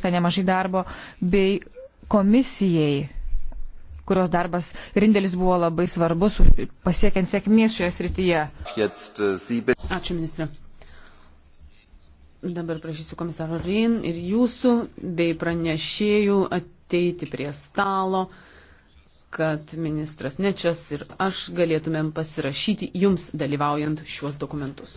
nuveikta nemažai darbo, bei komisijai, kurios darbas ir indėlis buvo labai svarbus pasiekiant sėkmės šioje srityje. Äh, Ačiū, ministrė. Dabar prašysiu komisaro Rin ir jūsų bei pranešėjų ateiti prie stalo kad ministras Nečias ir aš galėtumėm pasirašyti jums dalyvaujant šiuos dokumentus.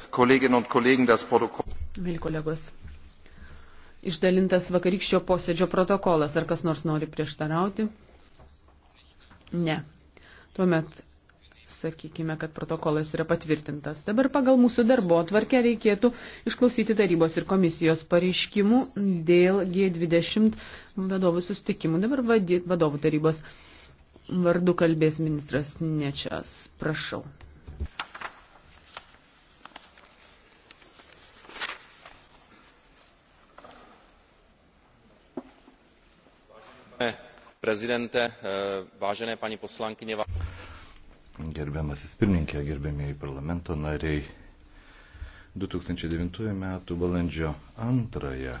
Mėly kolegos, išdalintas vakarykščio posėdžio protokolas. Ar kas nors nori prieštarauti? Ne. Tuomet sakykime, kad protokolas yra patvirtintas. Dabar pagal mūsų darbo atvarkę reikėtų išklausyti tarybos ir komisijos pareiškimų dėl G20 vadovų sustikimų. Dabar vadovų tarybos vardu kalbės ministras Nečias. Prašau. pane prezidente eh, vážené paní poslankyně gerbiamasis pirmininke gerbiamieji parlamento nariai du tūkstančiai devintųjų metų balandžio antrąją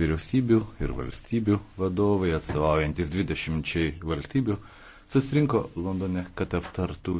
vyriausybių ir valstybių vadovai atstovaujantys dvidešimčiai valstybių susirinko londone kad aptartų